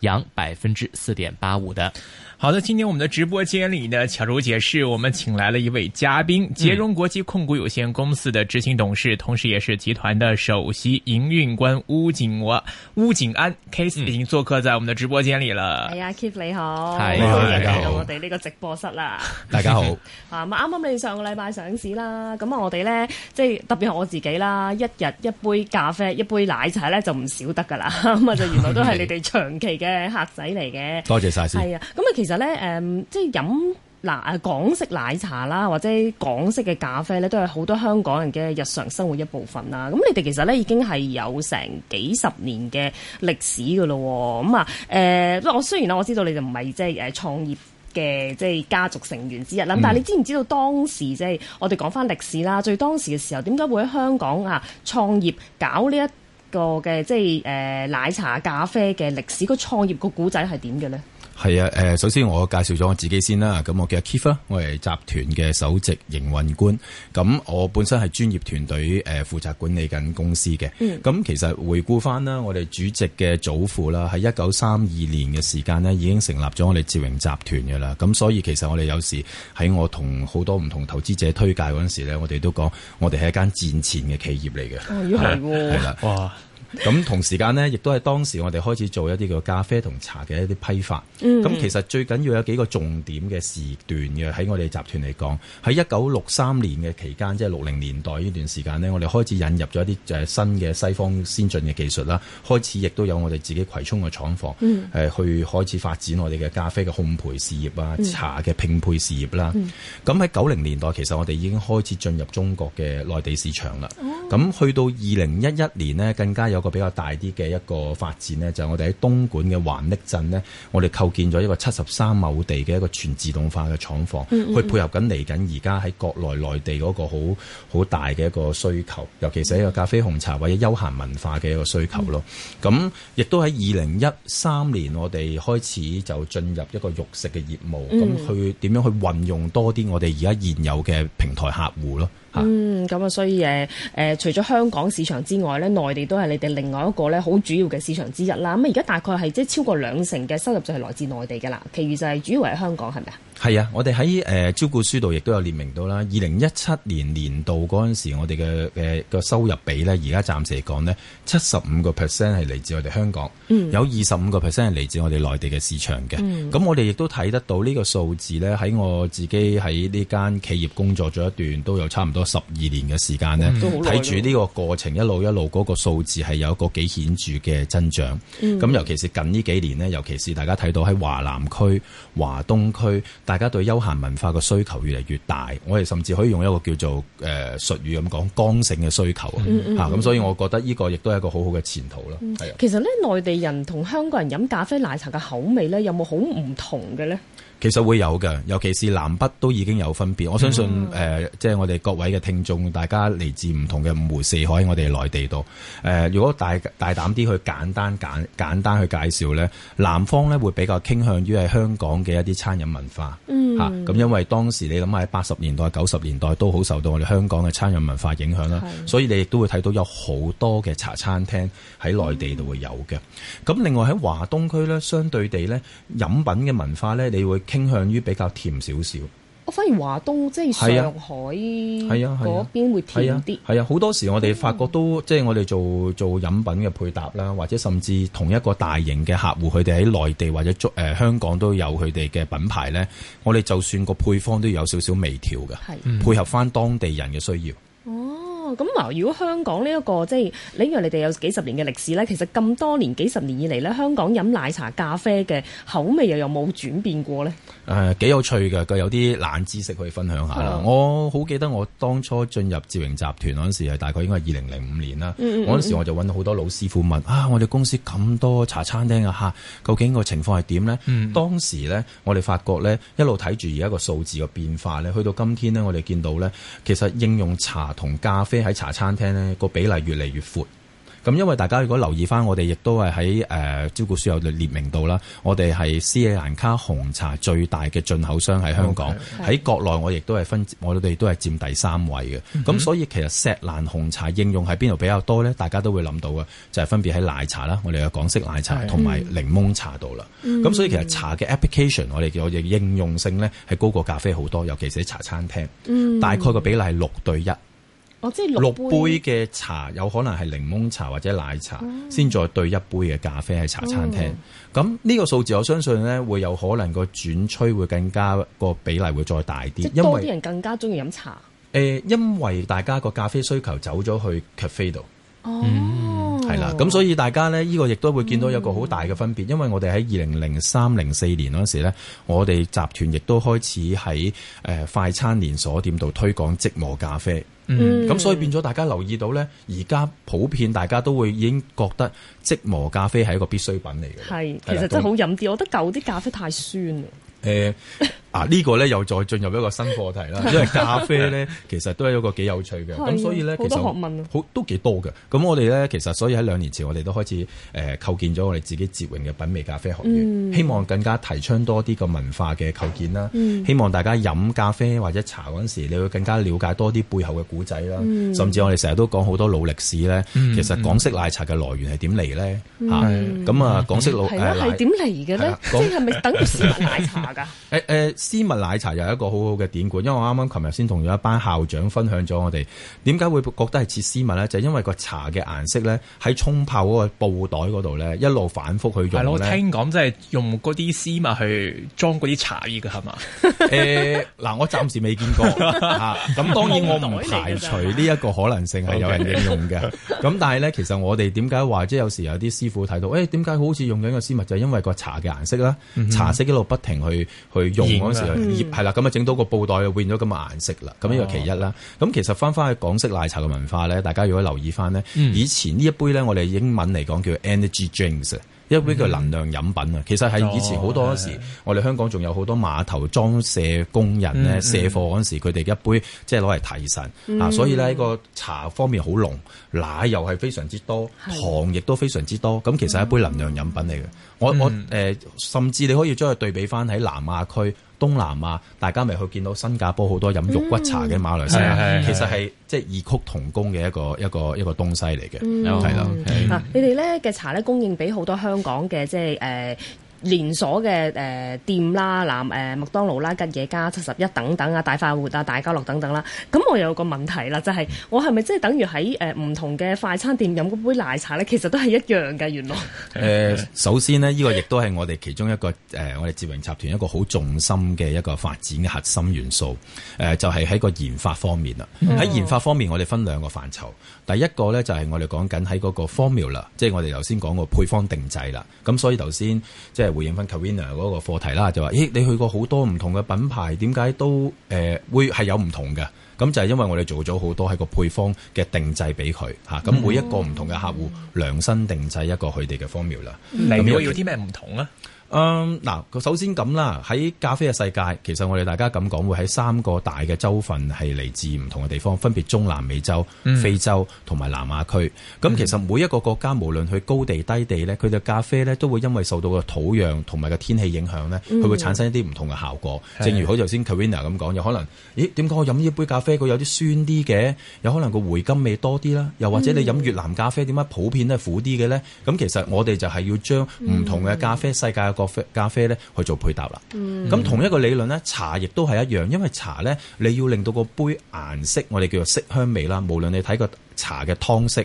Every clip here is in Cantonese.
揚百分之四點八五的。好的，今天我們的直播間裏呢，巧如姐是我們請來了一位嘉賓，捷榮國際控股有限公司的執行董事，嗯，同時也是集團的首席營運官鄔錦安，鄔錦安 Kiss 已經做客在我們的直播間裏了。哎呀 k i e p 你好，係大家好，我哋呢個直播室啦，大家好。家好 啊，啱啱你上個禮拜上市啦，咁啊我哋呢，即係特別係我自己啦，一日一杯咖啡，一杯奶茶呢，就唔少得噶啦，咁啊就原來都係你哋長期嘅。 嘅客仔嚟嘅，多謝晒先。係啊，咁啊，其實咧，誒，即係飲嗱誒，港式奶茶啦，或者港式嘅咖啡咧，都係好多香港人嘅日常生活一部分啦。咁你哋其實咧已經係有成幾十年嘅歷史噶咯。咁啊，誒，不過我雖然啊，我知道你哋唔係即係誒創業嘅，即係家族成員之一啦。嗯、但係你知唔知道當時即係我哋講翻歷史啦？最當時嘅時候，點解會喺香港啊創業搞呢一個嘅即係誒、呃、奶茶咖啡嘅歷史，個創業個古仔係點嘅咧？係啊，誒，首先我先介紹咗我自己先啦。咁我叫阿 Kiefer，我係集團嘅首席營運官。咁我本身係專業團隊誒，負責管理緊公司嘅。咁、嗯、其實回顧翻啦，我哋主席嘅祖父啦，喺一九三二年嘅時間呢已經成立咗我哋捷榮集團嘅啦。咁所以其實我哋有時喺我同好多唔同投資者推介嗰陣時咧，我哋都講我哋係一間戰前嘅企業嚟嘅。哦，要係喎、啊，係啦、啊啊，哇！咁 同時間呢，亦都係當時我哋開始做一啲叫咖啡同茶嘅一啲批發。咁、mm-hmm. 其實最緊要有幾個重點嘅時段嘅，喺我哋集團嚟講，喺一九六三年嘅期間，即係六零年代呢段時間呢，我哋開始引入咗一啲新嘅西方先進嘅技術啦，開始亦都有我哋自己葵涌嘅廠房，mm-hmm. 去開始發展我哋嘅咖啡嘅烘焙事業啊，mm-hmm. 茶嘅拼配事業啦。咁喺九零年代，其實我哋已經開始進入中國嘅內地市場啦。咁、oh. 去到二零一一年呢，更加。有個比較大啲嘅一個發展呢，就係、是、我哋喺東莞嘅橫瀝鎮呢，我哋構建咗一個七十三畝地嘅一個全自動化嘅廠房，去配合緊嚟緊而家喺國內內地嗰個好好大嘅一個需求，尤其是一個咖啡、紅茶或者休閒文化嘅一個需求咯。咁、嗯、亦都喺二零一三年，我哋開始就進入一個肉食嘅業務，咁去點樣去運用多啲我哋而家現有嘅平台客戶咯。嗯，咁啊，所以誒、呃、除咗香港市場之外咧，內地都係你哋另外一個咧好主要嘅市場之一啦。咁而家大概係即係超過兩成嘅收入就係來自內地㗎啦，其餘就係主要為香港，係咪啊？係啊，我哋喺誒招股書度亦都有列明到啦。二零一七年年度嗰陣時，我哋嘅誒個收入比咧，而家暫時嚟講呢，七十五個 percent 係嚟自我哋香港，嗯、有二十五個 percent 係嚟自我哋內地嘅市場嘅。咁、嗯、我哋亦都睇得到呢個數字呢，喺我自己喺呢間企業工作咗一段，都有差唔多十二年嘅時間呢，睇住呢個過程一路一路嗰個數字係有一個幾顯著嘅增長。咁、嗯、尤其是近呢幾年呢，尤其是大家睇到喺華南區、華東區。大家對休閒文化嘅需求越嚟越大，我哋甚至可以用一個叫做誒、呃、術語咁講剛性嘅需求嚇、咁、嗯嗯嗯啊、所以我覺得呢個亦都係一個好好嘅前途啦、嗯、其實咧，內地人同香港人飲咖啡奶茶嘅口味咧，有冇好唔同嘅咧？其實會有嘅，尤其是南北都已經有分別。我相信誒，即、嗯、係、呃就是、我哋各位嘅聽眾，大家嚟自唔同嘅五湖四海，我哋內地度。誒、呃，如果大大膽啲去簡單簡,簡單去介紹呢南方呢會比較傾向於係香港嘅一啲餐飲文化嚇。咁、嗯啊、因為當時你諗下喺八十年代、九十年代都好受到我哋香港嘅餐飲文化影響啦，所以你亦都會睇到有好多嘅茶餐廳喺內地度會有嘅。咁、嗯、另外喺華東區呢，相對地呢，飲品嘅文化呢，你會。傾向於比較甜少少，我反而華東，即係上海嗰、啊啊啊、邊會甜啲。係啊，好、啊、多時我哋發覺都即係、就是、我哋做做飲品嘅配搭啦，或者甚至同一個大型嘅客戶，佢哋喺內地或者中、呃、香港都有佢哋嘅品牌咧。我哋就算個配方都有少少微調嘅，係嘅嗯、配合翻當地人嘅需要。咁嗱，如果香港呢、這、一個即係，你如你哋有幾十年嘅歷史咧，其實咁多年幾十年以嚟咧，香港飲奶茶咖啡嘅口味又有冇轉變過咧？誒、呃、幾有趣嘅，佢有啲冷知識可以分享一下啦、嗯。我好記得我當初進入捷榮集團陣時係大概應該係二零零五年啦。嗰、嗯、陣、嗯嗯、我就揾到好多老師傅問啊，我哋公司咁多茶餐廳啊吓究竟這個情況係點咧？當時咧，我哋發覺咧，一路睇住而家個數字嘅變化咧，去到今天咧，我哋見到咧，其實應用茶同咖啡。喺茶餐廳咧，個比例越嚟越闊。咁因為大家如果留意返，我哋亦都係喺誒招股書有列明到啦。我哋係斯里蘭卡紅茶最大嘅進口商喺香港喺、okay. 國內我，我亦都係分我哋都係佔第三位嘅。咁、mm-hmm. 所以其實錫蘭紅茶應用喺邊度比較多咧？大家都會諗到嘅就係、是、分別喺奶茶啦，我哋嘅港式奶茶同埋、mm-hmm. 檸檬茶度啦。咁、mm-hmm. 所以其實茶嘅 application 我哋叫嘅應用性咧係高過咖啡好多，尤其是喺茶餐廳。大概個比例係六對一。哦，即係六杯嘅茶，有可能係檸檬茶或者奶茶，先再兌一杯嘅咖啡喺茶餐廳。咁、oh. 呢個數字，我相信呢會有可能個轉趨會更加個比例會再大啲，即係多啲人更加中意飲茶誒、呃。因為大家個咖啡需求走咗去咖啡度，係、oh. 啦。咁所以大家呢，呢、呢個亦都會見到有個好大嘅分別。Oh. 因為我哋喺二零零三零四年嗰時呢，我哋集團亦都開始喺誒快餐連鎖店度推廣即磨咖啡。嗯，咁所以變咗大家留意到咧，而家普遍大家都會已經覺得即磨咖啡係一個必需品嚟嘅。係，其實真係好飲啲，都我覺得舊啲咖啡太酸啦。呃 嗱、啊這個、呢個咧又再進入一個新課題啦，因為咖啡咧 其實都係一個幾有趣嘅，咁所以咧、好多學問啊、其實好都幾多嘅。咁我哋咧其實所以喺兩年前我哋都開始誒、呃、構建咗我哋自己捷榮嘅品味咖啡學院、嗯，希望更加提倡多啲個文化嘅構建啦、嗯。希望大家飲咖啡或者茶嗰陣時候，你會更加了解多啲背後嘅古仔啦。甚至我哋成日都講好多老歷史咧、嗯，其實港式奶茶嘅來源係點嚟咧？咁、嗯、啊，啊，港式老係啦，係點嚟嘅咧？即係咪等於絲襪奶茶㗎？誒 誒、欸。欸。絲襪奶茶又係一個好好嘅典故，因為我啱啱琴日先同咗一班校長分享咗，我哋點解會覺得係似絲襪咧？就係因為個茶嘅顏色咧，喺沖泡嗰個布袋嗰度咧，一路反覆去用。係我聽講即係用嗰啲絲襪去裝嗰啲茶葉嘅係嘛？誒嗱、欸，我暫時未見過嚇。咁 當然我唔排除呢一個可能性係有人應用嘅。咁、okay. 但係咧，其實我哋點解話即係有時有啲師傅睇到誒點解好似用緊個絲襪？就係、是、因為個茶嘅顏色啦、嗯，茶色一路不停去去用，嗰個係啦，咁啊整到個布袋啊，變咗咁嘅顏色啦，咁呢個其一啦。咁、哦、其實翻翻去港式奶茶嘅文化咧，大家如果留意翻咧，以前呢一杯咧，我哋英文嚟講叫 energy drinks。一杯叫能量飲品啊、嗯！其實係以前好多時，我哋香港仲有好多碼頭裝卸工人咧卸、嗯、貨嗰時，佢哋一杯即係攞嚟提神、嗯、啊！所以咧，個茶方面好濃，奶又係非常之多，糖亦都非常之多。咁其實係一杯能量飲品嚟嘅、嗯。我我、呃、甚至你可以將佢對比翻喺南亞區、東南亞，大家咪去見到新加坡好多飲肉骨茶嘅馬來西亞，嗯、其實係。即係異曲同工嘅一個一個一個東西嚟嘅，係、嗯、咯。嗱、okay. 啊，你哋咧嘅茶咧供應俾好多香港嘅即係誒。呃連鎖嘅誒店啦，嗱誒麥當勞啦、吉野家、七十一等等啊、大快活啊、大家樂等等啦，咁我有個問題啦，就係、是、我係咪即係等於喺誒唔同嘅快餐店飲杯奶茶咧？其實都係一樣嘅，原來、呃。誒， 首先呢，呢、這個亦都係我哋其中一個誒、呃，我哋捷榮集團一個好重心嘅一個發展嘅核心元素。誒、呃，就係、是、喺個研發方面啦。喺研發方面，我哋分兩個範疇。 第一個咧，就係我哋講緊喺嗰個 formula，即係我哋頭先講個配方定製啦。咁所以頭先即係。回應翻 Kawina 嗰個課題啦，就話：咦，你去過好多唔同嘅品牌，點解都誒、呃、會係有唔同嘅？咁就係因為我哋做咗好多喺個配方嘅定製俾佢吓，咁、嗯、每一個唔同嘅客戶量身定製一個佢哋嘅 formula、嗯。咁有啲咩唔同呢？嗯，嗱，首先咁啦，喺咖啡嘅世界，其實我哋大家咁講，會喺三個大嘅洲份係嚟自唔同嘅地方，分別中南美洲、嗯、非洲同埋南亞區。咁、嗯、其實每一個國家，無論佢高地低地呢佢嘅咖啡呢都會因為受到個土壤同埋個天氣影響呢，佢、嗯、會產生一啲唔同嘅效果。嗯、正如好頭先 Kawina 咁講，有可能，咦？點解我飲呢一杯咖啡佢有啲酸啲嘅？有可能個回甘味多啲啦。又或者你飲越南咖啡點解普遍都係苦啲嘅呢？咁、嗯、其實我哋就係要將唔同嘅咖啡世界。啡咖啡咧去做配搭啦，咁、嗯、同一個理論咧，茶亦都係一樣，因為茶咧你要令到個杯顏色，我哋叫做色香味啦。無論你睇個茶嘅湯色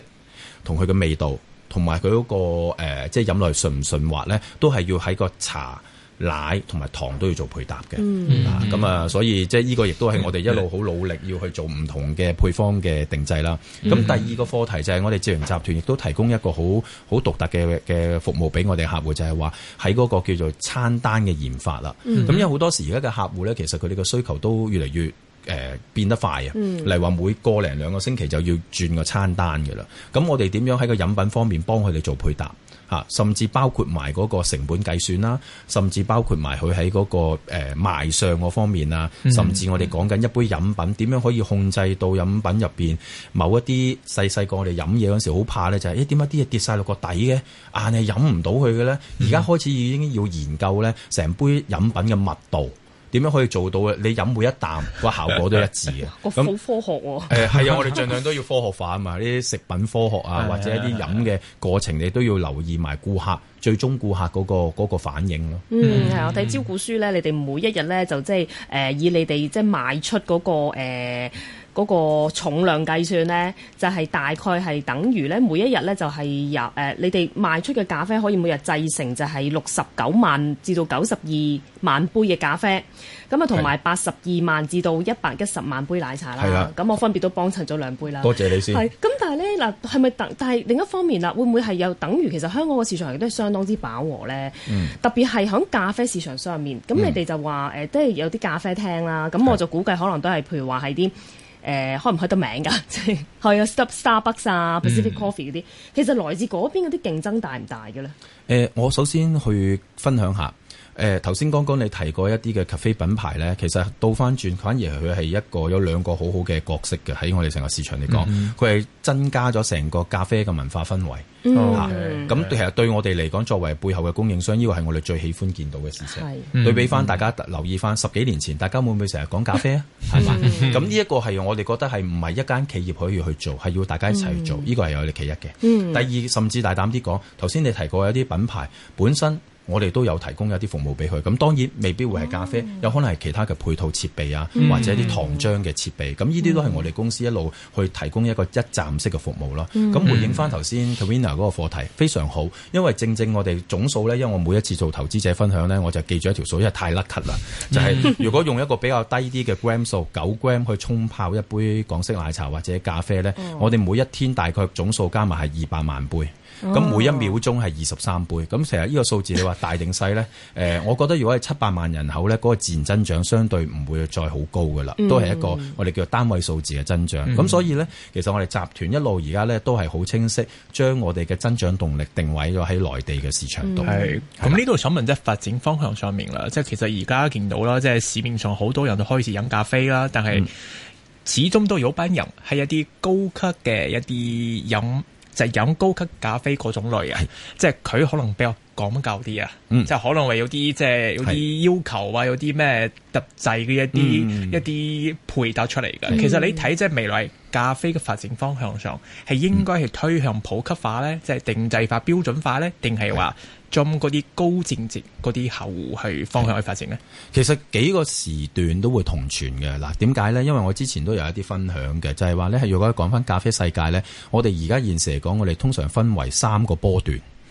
同佢嘅味道，同埋佢嗰個即係、呃就係、飲來順唔順滑咧，都係要喺個茶、奶同埋糖都要做配搭嘅，咁、mm-hmm. 啊，所以即係呢個亦都係我哋一路好努力要去做唔同嘅配方嘅定製啦。咁、mm-hmm. 第二個課題就係我哋捷榮集團亦都提供一個好好獨特嘅嘅服務俾我哋客戶，就係話喺嗰個叫做餐單嘅研發啦。咁、mm-hmm. 因為好多時而家嘅客戶咧，其實佢哋嘅需求都越嚟越誒、呃、變得快啊。Mm-hmm. 例如話每過零兩個星期就要轉個餐單嘅啦。咁我哋點樣喺個飲品方面幫佢哋做配搭？啊，甚至包括埋嗰個成本計算啦，甚至包括、那個呃、埋佢喺嗰個誒賣相嗰方面啊，甚至我哋講緊一杯飲品點樣可以控制到飲品入邊某一啲，細細個我哋飲嘢嗰時好怕咧，就係咦點解啲嘢跌晒落個底嘅，硬係飲唔到佢嘅咧？而、嗯、家開始已經要研究咧，成杯飲品嘅密度。點樣可以做到嘅？你飲每一啖個效果都一致嘅，好 科學喎！誒係啊， 呃、我哋儘量都要科學化啊嘛！呢啲食品科學啊， 或者一啲飲嘅過程，你都要留意埋顧客最終顧客嗰、嗰個嗰、嗰個、反應咯。嗯，係，我睇招股書咧，你哋每一日咧就即係、即係呃、以你哋即係賣出嗰、嗰個、呃嗰個重量計算呢，就係大概係等於呢每一日呢，就係由誒，你哋賣出嘅咖啡可以每日製成就係六十九萬至到九十二萬杯嘅咖啡，咁啊同埋八十二萬至到一百一十萬杯奶茶啦。咁我分別都幫襯咗兩杯啦。多謝你先。係，咁但係呢，嗱，係咪等？但係另一方面啦，會唔會係有等於其實香港個市場都係相當之飽和呢？嗯、特別係喺咖啡市場上面，咁你哋就話誒，都係有啲咖啡廳啦，咁我就估計可能都係譬如話係啲。誒開唔開得名㗎？即係 啊，Starbucks 啊，Pacific Coffee 嗰、嗯、啲，其實來自嗰邊嗰啲競爭大唔大嘅咧？誒、呃，我首先去分享下。誒頭先剛剛你提過一啲嘅咖啡品牌咧，其實倒翻轉反而佢係一個有兩個好好嘅角色嘅喺我哋成個市場嚟講，佢、mm-hmm. 係增加咗成個咖啡嘅文化氛圍咁、mm-hmm. okay. 嗯、其實對我哋嚟講，作為背後嘅供應商，呢個係我哋最喜歡見到嘅事情。Mm-hmm. 對比翻大家留意翻十幾年前，大家會唔會成日講咖啡啊？係 嘛？咁呢一個係我哋覺得係唔係一間企業可以去做，係要大家一齊去做。呢個係我哋其一嘅。Mm-hmm. 第二甚至大膽啲講，頭先你提過有啲品牌本身。我哋都有提供一啲服務俾佢，咁當然未必會係咖啡，oh. 有可能係其他嘅配套設備啊，或者啲糖漿嘅設備，咁呢啲都係我哋公司一路去提供一個一站式嘅服務咯。咁、mm. 回應翻頭先 Karina 嗰個課題，非常好，因為正正我哋總數咧，因為我每一次做投資者分享咧，我就記住一條數，因為太甩咳啦，就係、是、如果用一個比較低啲嘅 gram 數，九 gram 去沖泡一杯港式奶茶或者咖啡咧，oh. 我哋每一天大概總數加埋係二百萬杯，咁、oh. 每一秒鐘係二十三杯，咁其實呢個數字你話。 誒，大定細咧？我覺得如果係七百萬人口咧，嗰個自然增長相對唔會再好高噶啦，都係一個我哋叫單位數字嘅增長。咁、嗯、所以咧，其實我哋集團一路而家咧都係好清晰，將我哋嘅增長動力定位咗喺內地嘅市場度。咁呢度想問即係發展方向上面啦，即係其實而家見到啦，即係市面上好多人都開始飲咖啡啦，但係始終都有班人係一啲高級嘅一啲飲，就係、是、飲高級咖啡嗰種類啊，即係佢可能比較。講究啲啊？就、嗯、可能係有啲即係有啲要求啊，有啲咩特製嘅一啲、嗯、一啲配搭出嚟嘅、嗯。其實你睇即係未來咖啡嘅發展方向上，係應該係推向普及化咧、嗯，即係定製化、標準化咧，定係話將嗰啲高淨值嗰啲客戶去方向去發展呢？其實幾個時段都會同存嘅。嗱，點解咧？因為我之前都有一啲分享嘅，就係話咧，係如果講翻咖啡世界咧，我哋而家現時嚟講，我哋通常分為三個波段。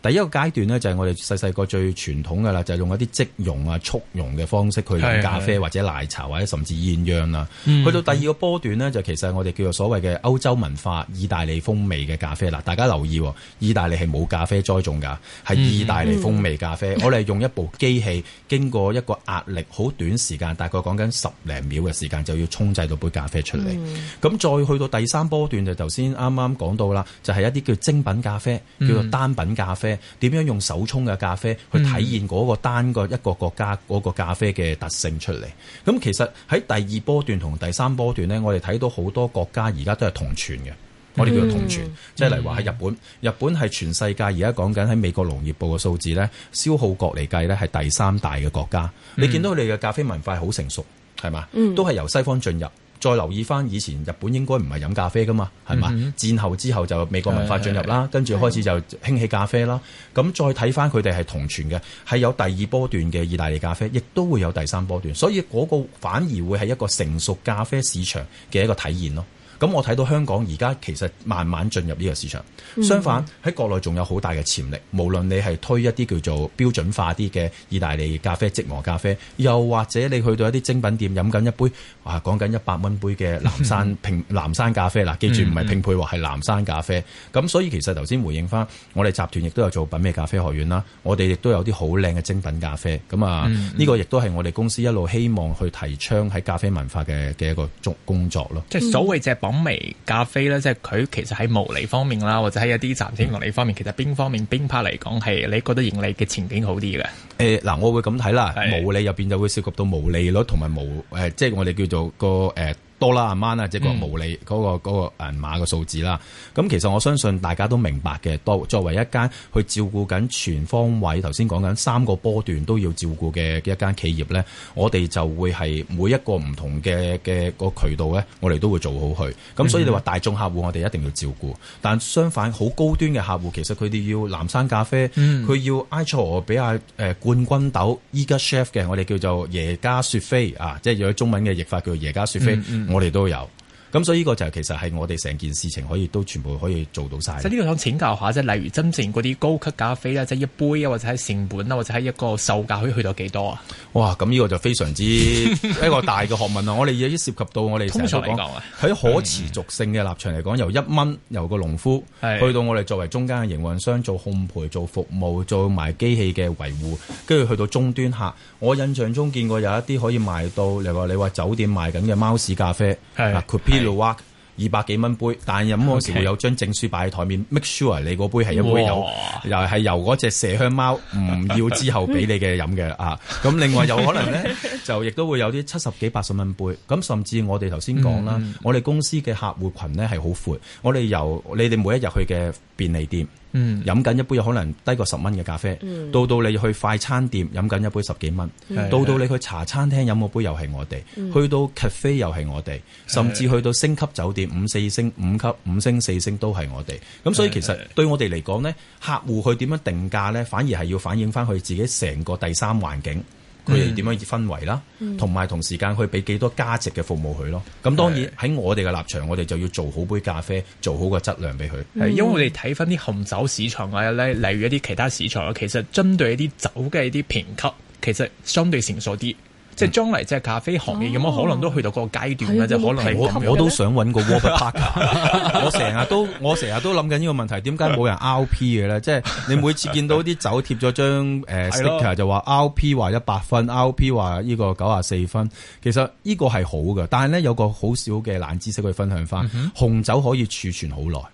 第一個階段呢，就係我哋細細個最傳統㗎啦，就係用一啲即溶啊、速溶嘅方式去飲咖啡，或者奶茶，或者甚至鴛鴦啦。去到第二個波段呢，就其實我哋叫做所謂嘅歐洲文化、意大利風味嘅咖啡啦。大家留意，意大利係冇咖啡栽種㗎，係意大利風味咖啡。嗯、我哋用一部機器，經過一個壓力，好短時間，大概講緊十零秒嘅時間，就要沖製到杯咖啡出嚟。咁、嗯、再去到第三波段就頭先啱啱講到啦，就係、就是、一啲叫精品咖啡，叫做單品咖啡。點樣用手沖嘅咖啡去體現嗰個單個一個國家嗰個咖啡嘅特性出嚟？咁其實喺第二波段同第三波段呢，我哋睇到好多國家而家都係同傳嘅，我哋叫做同傳、嗯，即係例如話喺日本，日本係全世界而家講緊喺美國農業部嘅數字呢，消耗國嚟計呢，係第三大嘅國家。你見到佢哋嘅咖啡文化好成熟，係嘛？都係由西方進入。再留意翻以前日本應該唔係飲咖啡㗎嘛，係嘛、嗯？戰後之後就美國文化進入啦，跟住開始就興起咖啡啦。咁再睇翻佢哋係同存嘅，係有第二波段嘅意大利咖啡，亦都會有第三波段，所以嗰個反而會係一個成熟咖啡市場嘅一個體現咯。咁我睇到香港而家其實慢慢進入呢個市場，相反喺國內仲有好大嘅潛力。無論你係推一啲叫做標準化啲嘅意大利咖啡、即磨咖啡，又或者你去到一啲精品店飲緊一杯，啊講緊一百蚊杯嘅藍山拼藍山咖啡啦，記住唔係拼配喎，係藍山咖啡。咁、嗯、所以其實頭先回應翻，我哋集團亦都有做品味咖啡學院啦，我哋亦都有啲好靚嘅精品咖啡。咁啊，呢、嗯這個亦都係我哋公司一路希望去提倡喺咖啡文化嘅嘅一個工作咯。即、嗯、係所謂只。港味咖啡咧，即係佢其實喺毛利方面啦，或者喺一啲賺錢盈利方面，其實邊方面邊 part 嚟講，係你覺得盈利嘅前景好啲嘅？誒，嗱，我會咁睇啦，的毛利入邊就會涉及到毛利率同埋毛誒、呃，即係我哋叫做個誒。呃多啦，阿啱啦，即係個毛利嗰、嗯那個嗰、那個銀碼嘅數字啦。咁其實我相信大家都明白嘅。多作為一間去照顧緊全方位，頭先講緊三個波段都要照顧嘅一間企業咧，我哋就會係每一個唔同嘅嘅、那個渠道咧，我哋都會做好去。咁所以你話大眾客戶，我哋一定要照顧。嗯、但相反，好高端嘅客戶，其實佢哋要藍山咖啡，佢、嗯、要埃塞俄比亞冠軍豆，依家 chef 嘅我哋叫做耶加雪菲啊，即係有中文嘅譯法叫耶加雪菲。嗯嗯我哋都有。咁所以呢個就係其實係我哋成件事情可以都全部可以做到晒。即係呢個想請教下，即係例如真正嗰啲高級咖啡即係一杯啊，或者喺成本啊，或者喺一個售價可以去到幾多啊？哇！咁呢個就非常之一個大嘅學問啊！ 我哋已經涉及到我哋通常嚟講，喺可持續性嘅立場嚟講，嗯，由一蚊由一個農夫去到我哋作為中間嘅營運商做烘焙、做服務、做埋機器嘅維護，跟住去到終端客。我印象中見過有一啲可以賣到，例如話你話酒店賣緊嘅貓屎咖啡係啲二百幾蚊杯，但飲嗰時會有張證書擺喺台面，make、okay. sure 你個杯係一杯有，又係由嗰隻麝香貓唔要之後俾你嘅飲嘅啊！咁 另外有可能咧，就亦都會有啲七十幾八十蚊杯，咁甚至我哋頭先講啦，我哋公司嘅客戶群咧係好闊，我哋由你哋每一日去嘅便利店。嗯，飲緊一杯可能低過十蚊嘅咖啡，到、嗯、到你去快餐店飲緊一杯十幾蚊，到、嗯、到你去茶餐廳飲個杯又係我哋，嗯、去到 cafe 又係我哋，嗯、甚至去到星級酒店五、四星、五級、五星、四星都係我哋。咁、嗯、所以其實對我哋嚟講呢，客戶去點樣定價呢？反而係要反映翻佢自己成個第三環境。佢哋點樣以氛圍啦，同埋、嗯、同時間可以俾幾多價值嘅服務佢咯。咁、嗯、當然喺我哋嘅立場，我哋就要做好杯咖啡，做好個質量俾佢。係因為我哋睇翻啲紅酒市場啊，咧例如一啲其他市場啊，其實針對一啲酒嘅一啲評級，其實相對成熟啲。即係將嚟隻咖啡行業咁、哦、樣，可能都去到嗰個階段啦。即係的可能我，我都想揾個 Robert Parker 我成日都我成日都諗緊呢個問題，點解冇人 RP 嘅咧？即係 你每次見到啲酒貼咗張誒、呃、 sticker 就話 RP 話一百分 RP 話呢個九十四分，其實呢個係好嘅。但係咧有個好少嘅冷知識去分享翻，嗯、哼紅酒可以儲存好耐。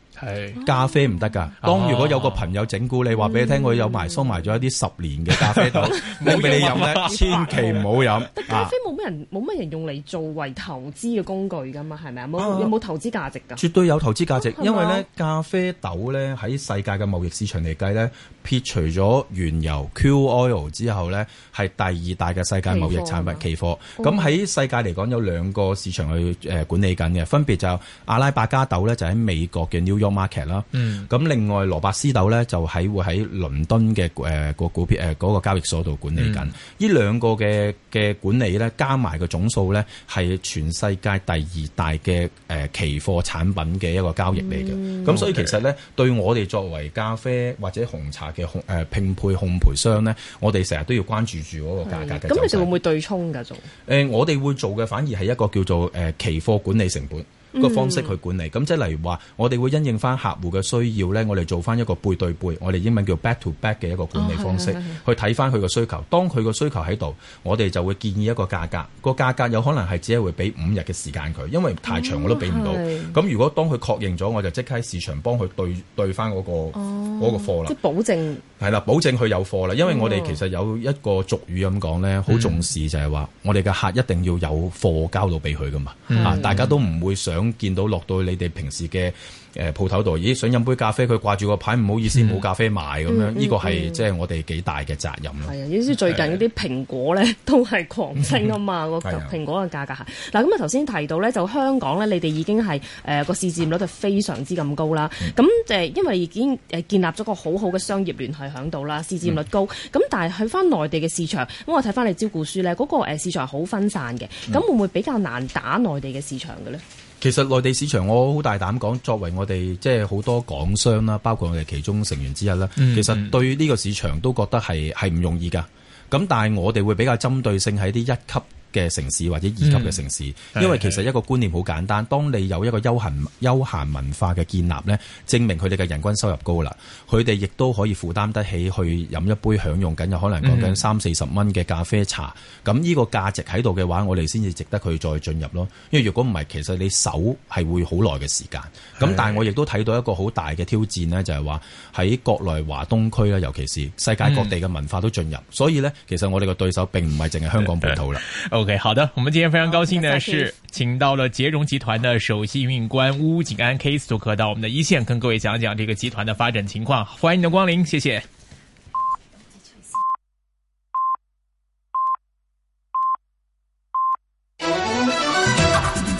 咖啡唔得噶。當如果有個朋友整蠱你，話、啊、俾你聽，我、嗯、有埋收埋咗一啲十年嘅咖啡豆，拎、嗯、俾你飲咧， 千祈唔好飲。但咖啡冇乜人，冇乜人用嚟作為投資嘅工具噶嘛，係咪啊？有冇投資價值噶、啊？絕對有投資價值、啊，因為咧咖啡豆咧喺世界嘅貿易市場嚟計咧，撇除咗原油 （Q oil） 之後咧，係第二大嘅世界貿易產物期貨、啊。咁喺、哦、世界嚟講，有兩個市場去誒管理緊嘅，分別就阿拉伯加豆咧，就喺美國嘅 New York。market、嗯、啦，咁另外羅伯斯豆咧就喺會喺倫敦嘅誒、呃那個股票誒嗰、呃那個交易所度管理緊，呢、嗯、兩個嘅嘅管理咧加埋個總數咧係全世界第二大嘅誒、呃、期貨產品嘅一個交易嚟嘅。咁、嗯、所以其實咧、嗯、對我哋作為咖啡或者紅茶嘅控誒拼配烘焙商咧，我哋成日都要關注住嗰個價格嘅。咁你哋會唔會對沖噶做？誒、呃，我哋會做嘅反而係一個叫做誒、呃、期貨管理成本。個、嗯、方式去管理，咁即係例如話，我哋會因應翻客戶嘅需要呢，我哋做翻一個背對背，我哋英文叫 back to back 嘅一個管理方式，哦、去睇翻佢個需求。當佢個需求喺度，我哋就會建議一個價格。個價格有可能係只係會俾五日嘅時間佢，因為太長我都俾唔到。咁、哦、如果當佢確認咗，我就即刻喺市場幫佢對對翻、那、嗰個嗰個貨啦。即保證係啦，保證佢有貨啦，因為我哋其實有一個俗語咁講咧，好重視就係話，嗯、我哋嘅客一定要有貨交到俾佢噶嘛，啊、嗯，大家都唔會想見到落到你哋平時嘅。誒鋪頭度，咦想飲杯咖啡，佢掛住個牌，唔好意思冇、嗯、咖啡賣咁、嗯、樣，呢個係即係我哋幾大嘅責任。係啊，依啲最近嗰啲蘋果咧、啊、都係狂升啊嘛，個、啊、蘋果嘅價格。嗱咁啊頭先提到咧，就香港咧，你哋已經係誒個市佔率就非常之咁高啦。咁、嗯、誒因為已經建立咗個好好嘅商業聯繫喺度啦，市佔率高。咁、嗯、但係去翻內地嘅市場，咁我睇翻你招股書咧，嗰、誒個市場好分散嘅，咁、嗯、會唔會比較難打內地嘅市場嘅咧？其實內地市場，我好大膽講，作為我哋即係好多港商啦，包括我哋其中成員之一啦，嗯嗯其實對呢個市場都覺得係係唔容易㗎。咁但係我哋會比較針對性喺啲一,一級嘅城市或者二級嘅城市，嗯，因為其實一個觀念好簡單，嗯，當你有一個休閒休閒文化嘅建立咧，證明佢哋嘅人均收入高啦，佢哋亦都可以負擔得起去飲一杯享用緊，有可能講緊三四十蚊嘅咖啡茶，咁，嗯，呢個價值喺度嘅話，我哋先至值得佢再進入咯。因為如果唔係，其實你守係會好耐嘅時間，咁，嗯，但係我亦都睇到一個好大嘅挑戰咧，就係話喺國內華東區咧，尤其是世界各地嘅文化都進入，嗯，所以咧，其實我哋嘅對手並唔係淨係香港本土啦。 OK，好的，我們今天非常高興的是，請到了捷榮集團的首席運營官鄔錦安 K 做客到我們的一線，跟各位講講這個集團的發展情況。歡迎你的光臨，謝謝。